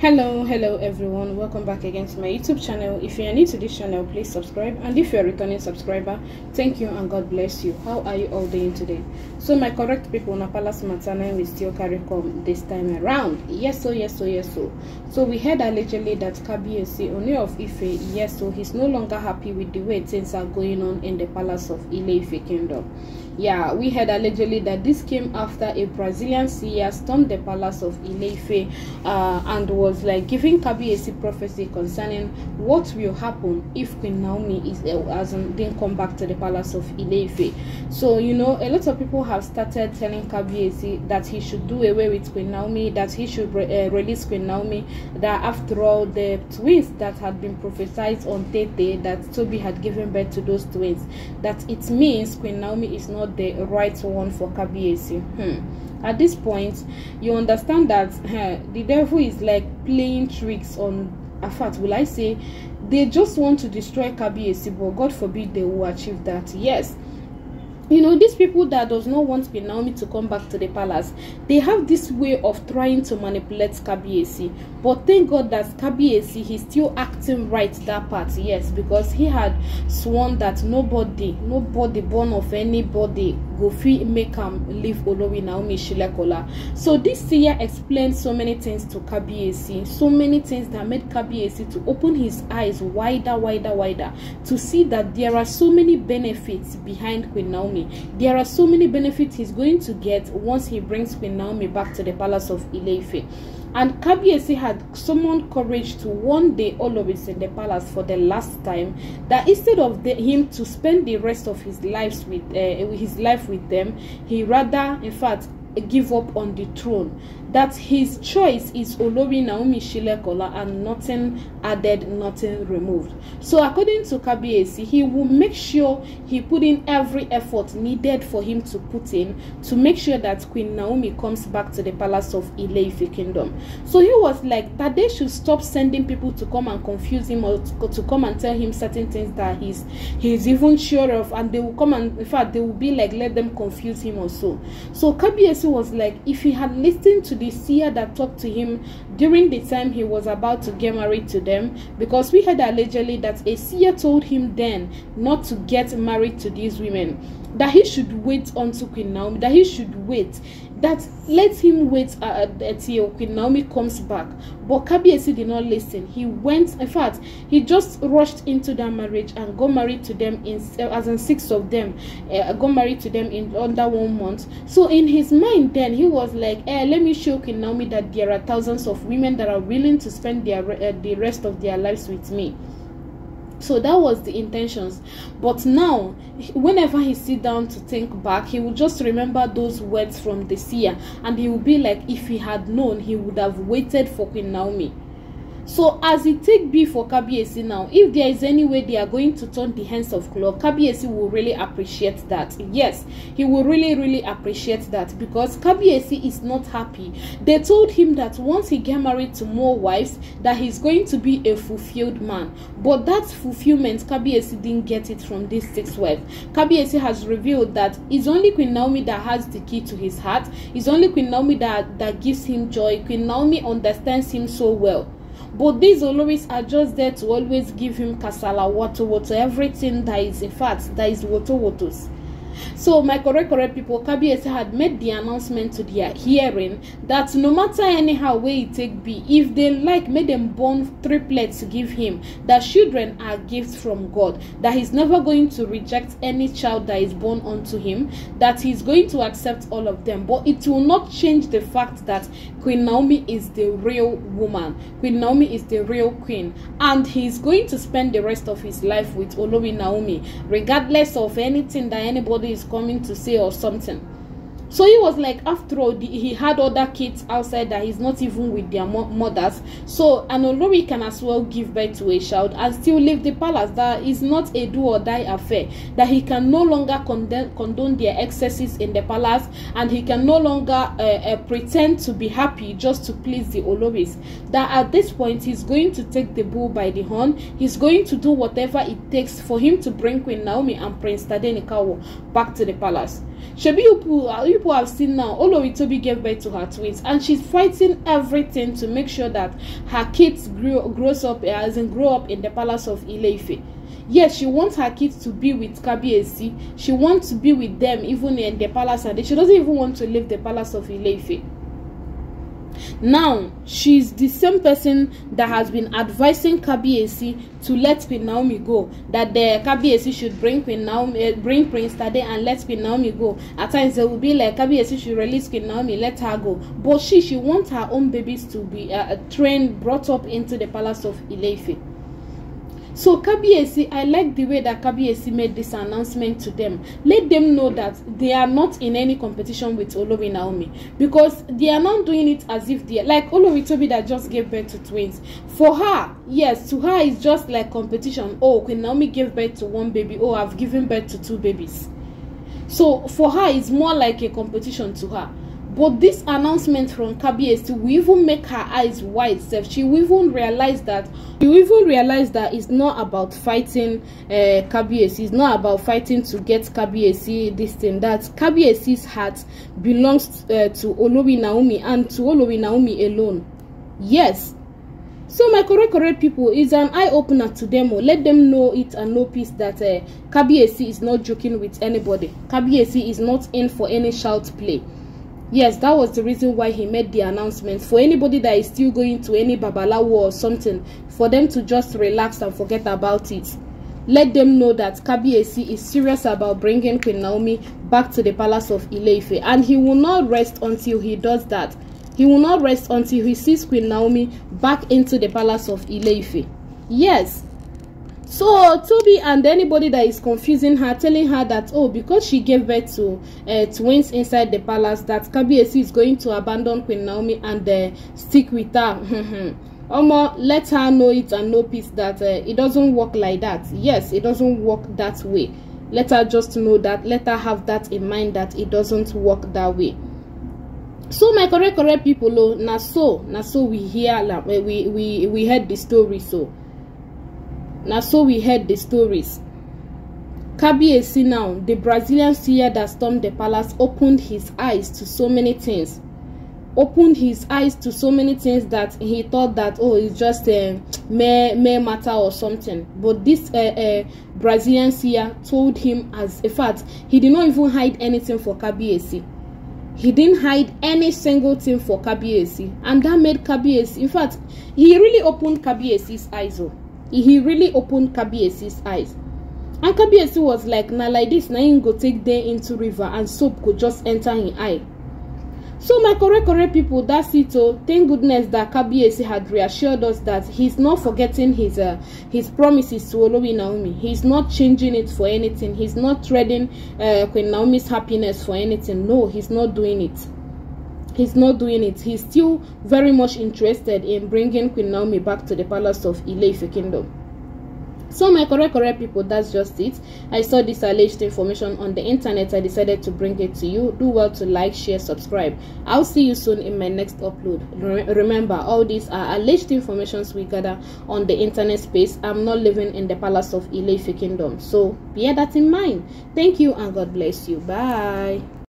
hello hello everyone welcome back again to my youtube channel if you are new to this channel please subscribe and if you are a returning subscriber thank you and god bless you how are you all doing today so my correct people na palace is name still carry come this time around yes so yes so yes so so we heard allegedly that kabiyesi owner of ife yes so he's no longer happy with the way things are going on in the palace of ile ife kingdom yeah, we heard allegedly that this came after a Brazilian seer stormed the palace of Ileife uh, and was like giving Kabiesi prophecy concerning what will happen if Queen Naomi is uh, hasn't didn't come back to the palace of Ileife. So you know, a lot of people have started telling Kabiesi that he should do away with Queen Naomi, that he should re uh, release Queen Naomi, that after all the twins that had been prophesied on Tete that Toby had given birth to those twins, that it means Queen Naomi is not not the right one for KBAC. Hmm. At this point, you understand that huh, eh, the devil is like playing tricks on Afat. Will I say they just want to destroy KBAC, but God forbid they will achieve that. Yes you know these people that does not want Naomi to come back to the palace they have this way of trying to manipulate kabiesi But thank God that Kabiesi he's still acting right that part, yes, because he had sworn that nobody, nobody born of anybody go fit make am leave Olori Naomi Shilekola. So this year explained so many things to Kabiesi, so many things that made Kabiesi to open his eyes wider, wider, wider to see that there are so many benefits behind Queen Naomi. There are so many benefits he's going to get once he brings Queen Naomi back to the palace of Ile-Ife. And Kabiesi had summoned courage to one day all of us in the palace for the last time that instead of the, him to spend the rest of his lives with uh, his life with them, he rather, in fact, give up on the throne that his choice is Olori Naomi Shilekola and nothing added, nothing removed. So according to Kabiesi, he will make sure he put in every effort needed for him to put in to make sure that Queen Naomi comes back to the palace of Ileife kingdom. So he was like that they should stop sending people to come and confuse him or to, to come and tell him certain things that he's he's even sure of and they will come and in fact they will be like let them confuse him or so. So Kabiesi was like if he had listened to the seer that talked to him during the time he was about to get married to them because we heard allegedly that a seer told him then not to get married to these women that he should wait until Queen Naomi, that he should wait that let him wait uh, at until Queen Naomi comes back. But Kabiesi did not listen. He went, in fact, he just rushed into that marriage and got married to them in uh, as in six of them, uh, got married to them in under one month. So in his mind, then he was like, eh, let me show Queen Naomi that there are thousands of women that are willing to spend their uh, the rest of their lives with me so that was the intentions but now whenever he sit down to think back he will just remember those words from the seer and he will be like if he had known he would have waited for queen naomi so as e take be for kabiyesi now if there is any way they are going to turn the hands of claw, kabiyesi will really appreciate that yes he will really really appreciate that because kabiyesi is not happy they told him that once he get married to more wives that he's going to be a fulfilled man but that fulfillment kabiyesi didn't get it from this six wives kabiyesi has revealed that it's only queen naomi that has the key to his heart it's only queen naomi that that gives him joy queen naomi understands him so well But these always are just there to always give him kasala, water, water, everything that is, in fact, that is water, waters. So my correct correct people, KBS had made the announcement to their hearing that no matter anyhow way it take be, if they like, make them born triplets to give him. That children are gifts from God. That he's never going to reject any child that is born unto him. That he's going to accept all of them. But it will not change the fact that Queen Naomi is the real woman. Queen Naomi is the real queen, and he's going to spend the rest of his life with Olomi Naomi, regardless of anything that anybody somebody is coming to say or something so he was like, after all, the, he had other kids outside that he's not even with their mo- mothers. So an Olori can as well give birth to a child and still leave the palace. That is not a do or die affair. That he can no longer condone, condone their excesses in the palace and he can no longer uh, uh, pretend to be happy just to please the Oloris. That at this point, he's going to take the bull by the horn. He's going to do whatever it takes for him to bring Queen Naomi and Prince Tadenikawa back to the palace. Shebi Upu, people have seen now, Olowitobi gave birth to her twins, and she's fighting everything to make sure that her kids grow grows up as in grow up in the palace of Ileife. Yes, she wants her kids to be with Kabiesi. She wants to be with them even in the palace, and she doesn't even want to leave the palace of Ileife. Now, she is the same person that has been advising Kabiesi to let Queen Naomi go. That the Kabiesi should bring Queen Naomi, uh, bring Prince Tade and let Queen Naomi go. At times, they will be like Kabiesi should release Queen Naomi, let her go. But she, she wants her own babies to be uh, trained, brought up into the palace of Ileife. So KBAC, I like the way that KBAC made this announcement to them. Let them know that they are not in any competition with Olori Naomi because they are not doing it as if they are like Olori Tobi that just gave birth to twins. For her, yes, to her it's just like competition. Oh, Queen Naomi gave birth to one baby. Oh, I've given birth to two babies. So for her, it's more like a competition to her. But this announcement from KBST will even make her eyes wide. Self. She will even realize that she will even realize that it's not about fighting uh, eh, KBSC. It's not about fighting to get KBSC this thing. That KBSC's heart belongs uh, to Olobi Naomi and to Olobi Naomi alone. Yes. So my correct correct people is an eye opener to them. let them know it and know peace that uh, is not joking with anybody. KBSC is not in for any shout play. yes that was the reason why he made the announcement for anybody that is still going to any babalawo or something for them to just relax and forget about it let them know that Kabiyesi is serious about bringing Queen Naomi back to the palace of ile and he will not rest until he does that he will not rest until he sees Queen Naomi back into the palace of ile yes so toby and anybody that is confusing her telling her that oh because she gave birth to uh, twins inside the palace that kbac is going to abandon queen naomi and uh, stick with her Omo, let her know it and know peace that uh, it doesn't work like that. Yes, it doesn't work that way. Let her just know that. Let her have that in mind that it doesn't work that way. So my correct correct people, oh, na so na so we hear we we we heard the story so. Now, so we heard the stories kabiesi now the brazilian seer that stormed the palace opened his eyes to so many things opened his eyes to so many things that he thought that oh it's just a eh, mere mere matter or something but this uh, uh, brazilian seer told him as a fact he did not even hide anything for kabiesi he didn't hide any single thing for kabiesi and that made kabiesi in fact he really opened kabiesi's eyes up oh. he really opened kabiesi's eyes and kabiesi was like na like this na him go take dey into river and soap go just enter him eye so my correct, correct people that's it oh thank goodness that kabiesi had reassured us that he's not forgetting his uh, his promises to olowi naomi he's not changing it for anything he's not trading uh, queen naomi's happiness for anything no he's not doing it he's not doing it. He's still very much interested in bringing Queen Naomi back to the palace of Ileife Kingdom. So my correct correct people, that's just it. I saw this alleged information on the internet. I decided to bring it to you. Do well to like, share, subscribe. I'll see you soon in my next upload. Re remember, all these are alleged informations we gather on the internet space. I'm not living in the palace of Ileife Kingdom. So bear that in mind. Thank you and God bless you. Bye.